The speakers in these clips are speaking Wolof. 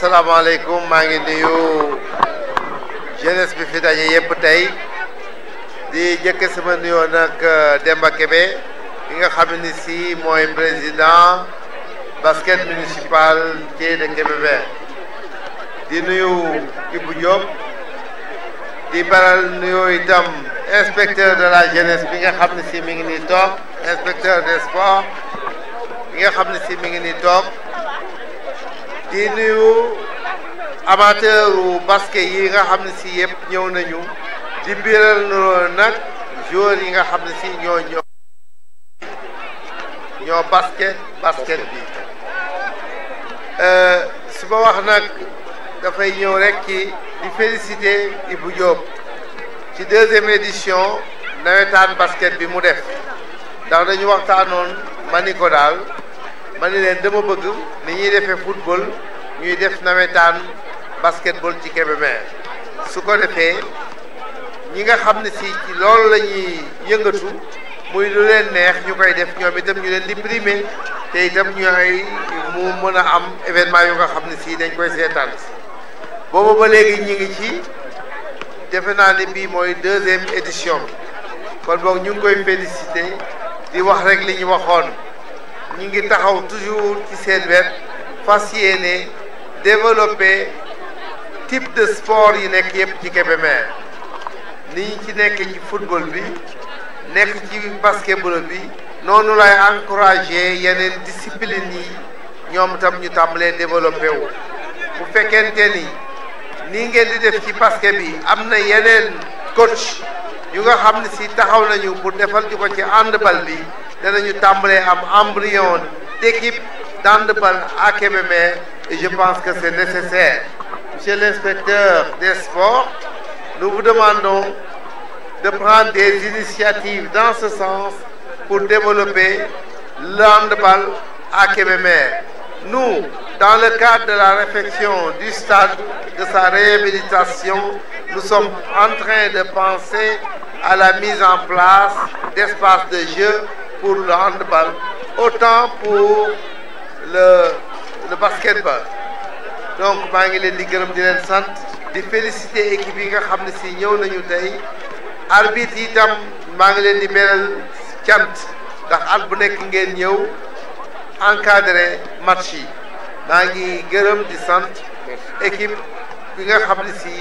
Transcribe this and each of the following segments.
asalaamaaleykum maa ngi nuyu jeunesse bi fi daje yëpp tey di njëkk sama nuyoo nag euh, Demba Kébé bi nga xam ni si mooy président basket municipal ci de Kébémer di nuyu Ibou Diop di baral nuyoo itam inspecteur de la jeunesse bi nga xam ne si mi ngi nii toog inspecteur des bi nga xam ne si mi ngi nii toog di nuyu amateur u basket yi nga xam ne si yëpp ñëw nañu di mbiral nag joueur yi nga xam ne si ñoo ñoo ñoo basket basket bi euh, su ma wax nag dafay ñëw rek ci di féliciter Ibou Diop ci deuxième édition nawetaan basket bi mu def ndax dañu waxtaanoon ma mani ko daal ma ni leen bëgg ni ñuy defee football ñuy def nawetaan basketball ci Kébémer su ko defee ñi nga xam ne si ci loolu lañuy ñuy yëngatu muy lu leen neex ñu koy def ñoom itam ñu leen di primé te itam ñooy mu mën a am événement yu nga xam ne sii dañ koy seetaan si boobu ba léegi ñi ngi ci defe naa ne bii mooy deuxième édition bi kon boog ñu ngi koy félicité di wax rek li ñu waxoon ñu ngi taxaw toujours ci seen wet fas yéene développer type de sport yi nekk yëpp ci Kébémer ni ñi ci nekk ci football bi nekk ci basketball bi noonu lay encourage yeneen discipline yi ñoom tam ñu tàmbalee développé wu bu fekkente ni ni ngeen di def ci basket bi am na yeneen coach yu nga xam ne si taxaw nañu bu defal ñu ko ci handball bi dana ñu tàmbalee am embryon d'équipe d'handball à Kébémer et je pense que c'est nécessaire. Monsieur l'inspecteur des sports, nous vous demandons de prendre des initiatives dans ce sens pour développer l'handball à Kébémer. Nous, dans le cadre de la réflexion du stade, de sa réhabilitation, nous sommes en train de penser à la mise en place d'espaces de jeu pour le handball, autant pour le le basketball donc maa ngi leen di gërëm di leen sant di féliciter équipe yi nga xam ne si ñëw nañu tey arbitre yi itam maa ngi leen di beral cant ndax at bu nekk ngeen ñëw encadré match yi maa ngi gërëm di sant équipe bi nga xam ne si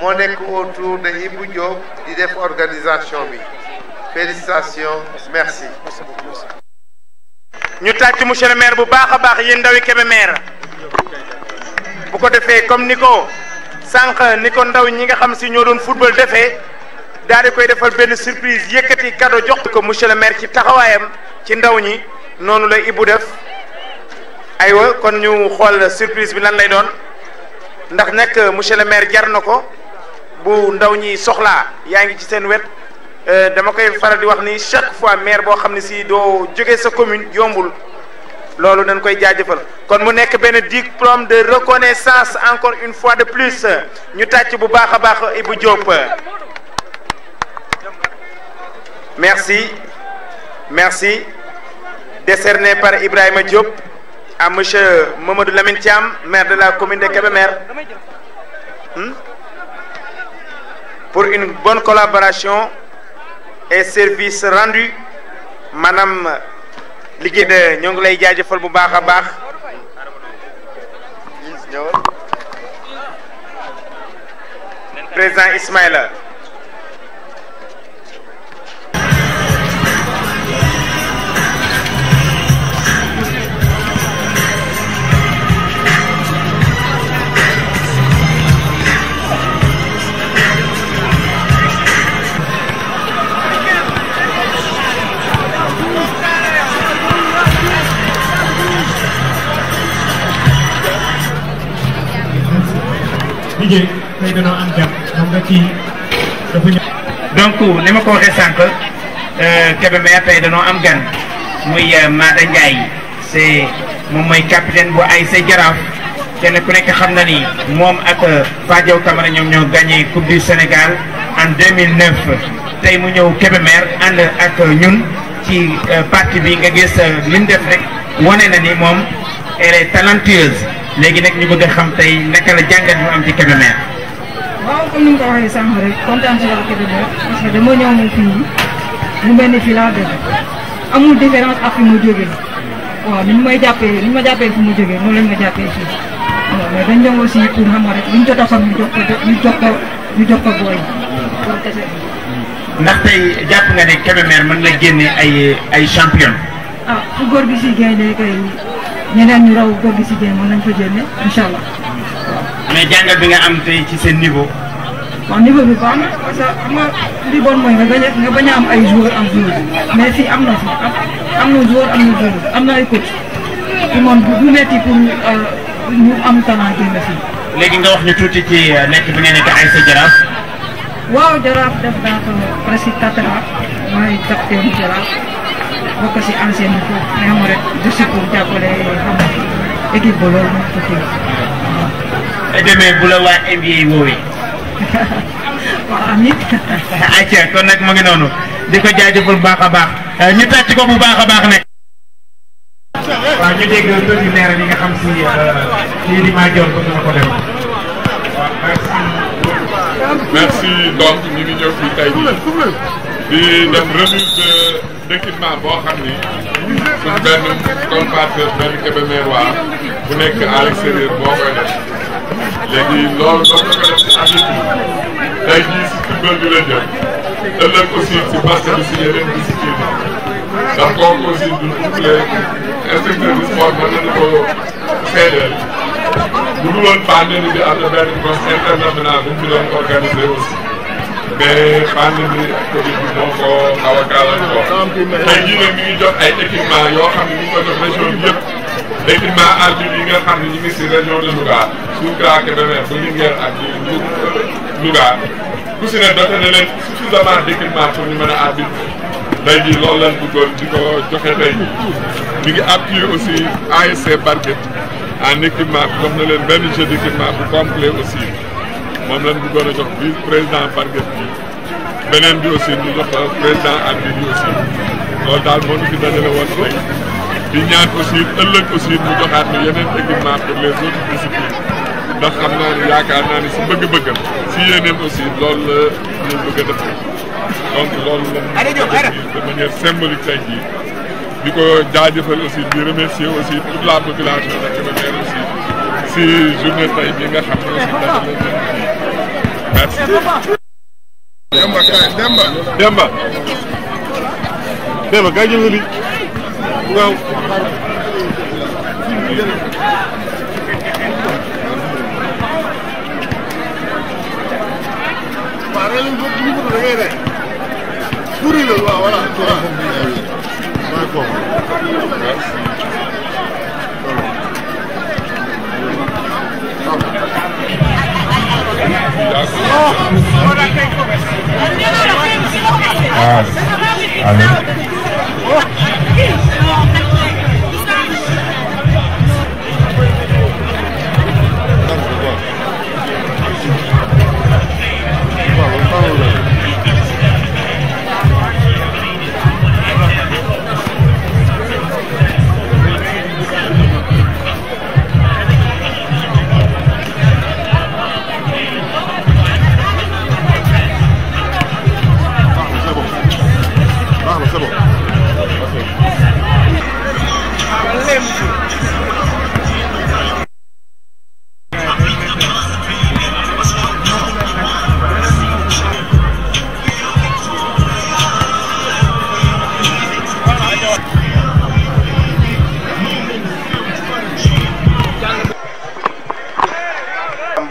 moo nekk autour de Ibou Diop di def organisation bi félicitations merci. ñu tàcc monsieur le maire bu baax a baax yéen ndawi Kébémer bu ko defee comme ni ko sànq ni ko ndaw ñi nga xam si ñoo doon football defee daal di koy defal benn surprise yëkkati kado jox ko monsieur le maire ci taxawaayam ci ndaw ñi noonu la bu def aywa kon ñu xool surprise bi lan lay doon ndax nag monsieur le maire jar na ko bu ndaw ñi soxlaa yaa ngi ci seen wet. Euh, dama koy faral di wax ni chaque fois maire boo xam ne si doo jóge sa commune yombul loolu dañ koy jaajëfal kon mu nekk benn diplôme de reconnaissance encore une fois de plus ñu tàcc bu baax a baax Ibou Diop merci merci décerné par Ibrahima Diop à monsieur Mamadou Lamine Thiam maire de la commune de Kébémer hmm? pour une bonne collaboration et service rendu maanaam liggéey de ñoo ngi lay jaajëfal bu baax a baax président Ismaïla liggéey tey danoo am jàpp donc ni ma ko waxee sànq euh, Kébémer tey danoo am gan muy euh, Maada Ndiaye c'est moom mooy capitaine bu ay sa jaraaf kenn ku nekk xam na ni moom ak Fadiaw euh, Camara ñoom ñoo gagné coupe du Sénégal en 2009 tey mu ñëw Kébémer ànd ak ñun ci parti bi nga gis li mu def rek wane na ni moom elle est talentueuse. léegi nag ñu bëgg a xam tey nekk la jàngat mu am ci Kébémer. waaw comme ni nga waxee sànq rek kontaan si yow Kébémer parce que dama ñëw mu mel ni fii laa amul différence ak fi mu jógee waaw ni ñu may jàppee ni ma jàppee fi mu jógee noonu lañ ma jàppee fii waaw mais dañ ñëw aussi pour xam nga rek li ñu jot a xam ñu ko ñu jox ko ko ndax tey nga ne Kébémer mën na génne ay ay champion. Ah, fu góor gi si génnee ñeneen ñu raw góor gi si jéem nañ ko génne incha allah. waaw mais jàngat bi nga am tey ci seen niveau. waaw niveau bi baax parce que xam nga li a bañ am ay joueur am mais fii am na am na am na ay coach ci moom bu metti pour euh, ñu am talent génn fii. léegi nga wax ñu tuuti ci euh, nekk bi nga nekk ay sa jaraaf. waaw jaraaf def naa ko presque quatre ans maay capitaine jaraaf. bokk si ancienne bi nga xam rek de surtout jàppale xam demee bu la waa NBA woowee. waaw amiin. ayca ah, kon nag mu ngi noonu di ko jaajëfal bu baax a baax ah, ñu tàcc ko bu baax a baax nag. waaw ñu dégg tuuti neera équipement boo xam ni suñ benn comparateur benn Kébémer waa bu nekk à l'extérieur moo koy def léegi loolu comme nga ko def ci agriculture tey jii si football bi la jël ëllëg aussi bi si yeneen discipline ndax kooku aussi du double inspecteur du sport mën nañu ko seedeel bu dul woon pandémie bi am benn gosse international bu ñu doon organiser aussi mais pandémie ak Covid bi ko xaw tey jii nag ñu ngi jot ay équipement yoo xam ne ñu ko jox région bi yëpp équipement argile yi nga xam ne ñu ngi si région de Louga Soukra Kébémer ba Linguère ak Louga ku si ne doté na leen suffisamment d' équipement pour ñu mën a arbitre tey jii loolu lañ bëggoon di ko joxe tey jii ñu ngi appuyé aussi ASC Barket en équipement bi jox na leen benn jeu d' équipement bu complet aussi moom lañ bëggoon a jox vice président Barket bi beneen bi aussi ñu jox président ak nit ñi aussi loolu daal moo ñu fi dajale woon tey di ñaan aussi ëllëg aussi mu joxaat ñu yeneen équipement pour les autres disciplines ndax xam naa ne yaakaar naa ne si bëgg-bëggam si yéeneem aussi loolu la ñu bëgg donc loolu la ñu de manière symbolique tey jii di ko jaajëfal aussi di remercier aussi toute la population de Kébémer aussi si journée tey bi nga xam ne aussi dajale nañ merci Demba Demba Demba kay jël nga bi waaw waaw Aló. Aló.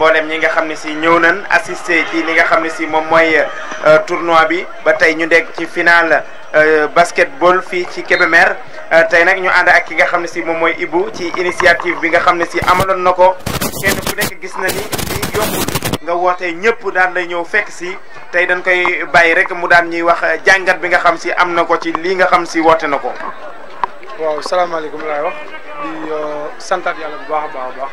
mboolem ñi nga xamni ci ñew nañ assister ci li nga xamni ci mom moy euh, tournoi bi ba tay ñu nekk ci final euh, basketball fi ci Kébémer euh, tay nak ñu and ak ki nga xamni ci mom moy ibu ci initiative bi nga xamni ci amalon nako kenn ku nekk gis na ni lii yombul nga wote ñepp daan lay ñew fekk si tay dañ koy bàyyi rek mu daan ñuy wax jangat bi nga xam ci am nako ci li nga xam ci wote nako waaw salaamaaleykum lay wax di santaat yalla bu baax baax baax.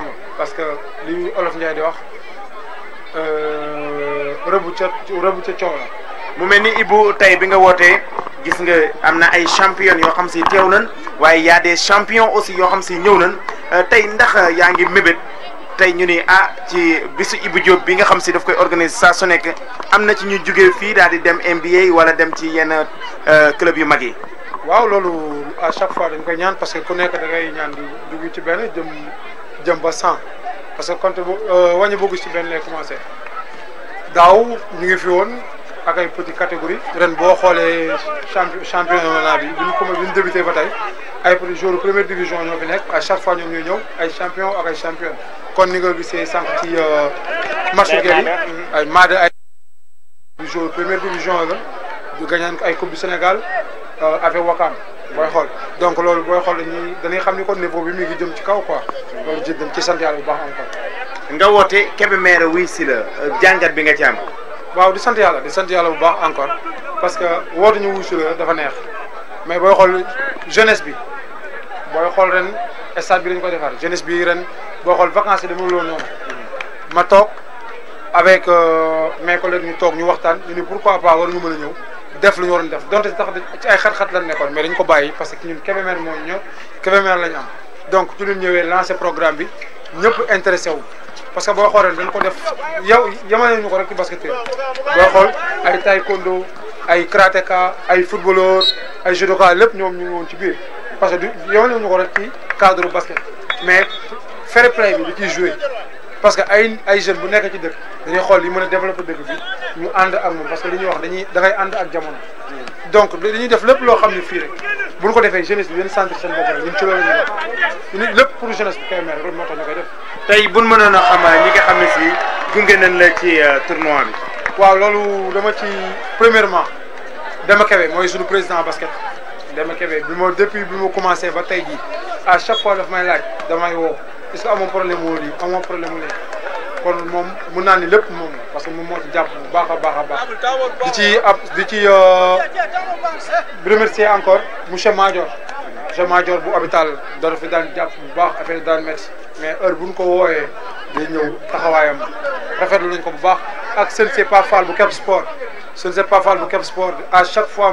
xam parce que li olof Ndiaye di wax euh, rëbu ca rëbu ca coow la mu mel ni Ibou tey bi nga wootee gis nga am na ay champion yoo xam si teew nañ waaye y a des aussi yoo xam si ñëw nan euh, tey ndax yaa ngi mébét tey ñu ni ah ci bisu Ibou Diop bi nga xam si daf koy organiser saa su nekk am na ci ñu jógee fii daal di dem NBA wala dem ci yenn euh, club yu mag yi. waaw loolu à chaque fois dañ koy ñaan parce que ku nekk da ngay ñaan di dugg ci benn jëm. jëm ba parce que compte euh, wàññi boobu ci benn lay commencé daaw ñu ngi fi woon ak ay petite catégorie ren boo xoolee champion championnat bi bi ñu comme bi ñu débuté ba tey ay joueurs première division ñoo fi à chaque fois ñoom ñuy ñëw ay champion ak ay championne kon ni nga gisee sànq ci euh, marché yi ay maade ay joueurs première division la gañaan ay coupe du Sénégal Euh, affaire wakaam booy xool donc loolu booy xool dañuy dañuy xam ni kon niveau bi mu ngi jëm ci kaw quoi. loolu ci dañ ci sant bu baax encore. nga woote Kébémer wuy si la euh, jàngat bi nga ci am. waaw di sant yàlla di sant yàlla bu baax encore parce que woote ñu wuy si dafa neex mais booy xool jeunesse bi booy xool ren stade bi dañ koy defar jenesse bi ren booy xool vacances yi dama loo noonu ma toog avec euh, mes collègues ñu toog ñu waxtaan ñu ni pourquoi pas war ñu mën a ñëw. def lu ñu waroon def donte sax ci ay xat-xat lañ nekkoon mais dañ ko bàyyi parce que ñun Kébémer moo ñëw Kébémer lañ am donc ci lu ñëwee lancé programme bi ñëpp intéressé wu parce que boo xoolee dañ ko def yow yamale ñu ko rek ci basketteur boo xool ay taekwondo ay karatéka ay footballeur ay judoka lépp ñoom ñu ngi woon ci biir parce que du yamale ñu ko rek ci cadre basket mais fair play bi du ci joué parce que ay ay jeunes bu nek ci deuk dañuy xol li mën a développer dëkk bi ñu and ak moom parce que li ñu wax dañuy da ngay and ak jamono. donc dañuy def lepp lo xamni fi rek bu ñu ko defee jeunesse bi ñu centre sen bopp ñu ci loolu la ñuy lepp pour jeunesse kay Kébémer loolu moo tax ñu koy def. tay buñ ñu na xama ñi nga xam ne si nañ la ci euh, tournoi bi. waaw loolu dama ci premièrement dama Kébé moy suñu président basket dama Kébé bi ma depuis bi ma commencé ba tay ji à chaque fois daf may laaj damay woo est-ce problème wu problème kon parce que de bu di encore monsieur Madior monsieur Madior bu hôpital fi dal japp bu affaire mais heure buñ ko woyé day ñew taxawayam rafet luñ ko pas Fall bu Cap Sport pas Fall bu Cap Sport à chaque fois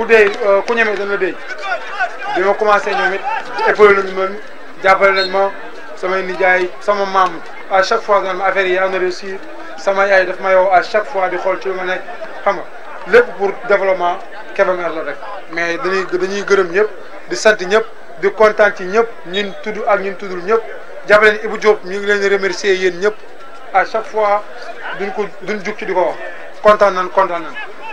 ku dee euh, ku ñemee dana dee bi ma commencé ñoom it épaulé nañ ma jàppale nañ ma sama nijaay sama maam à chaque fois dana ma affaire yi am na réussir sama yaay daf ma yow à chaque fois di xool ci lu ma nekk xam lépp pour développement Kébémer la rek mais dañuy dañuy gërëm ñëpp di sant ñëpp di kontaan ci ñëpp ñun tudd ak ñun tuddul ñëpp jàppale ni Ibou Diop ñu ngi leen di remercier yéen ñëpp à chaque fois duñ ko duñ jug ci di ko wax kontaan nan kontaan nan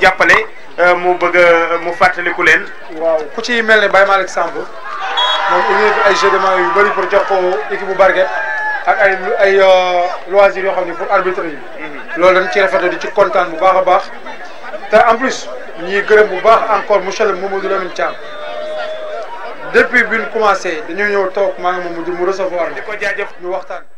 jàppale euh, mu bëgg a euh, mu ku leen. waaw ku ci mel ne Baye Malick Samb moom indi ay jeux de yu bëri pour jox ko équipe bu Barguet ak ay ay euh, loisirs yoo xam ne pour arbitre yi. Mhm. loolu dañ ci rafetlu di ci kontaan bu baax a baax te en plus ñuy gërëm bu baax encore monsieur le Mamadou Lamine Thiam depuis bi ñu commencé dañoo ñëw toog maa ngi moom mu recevoir. di ko jaajëf ñu waxtaan.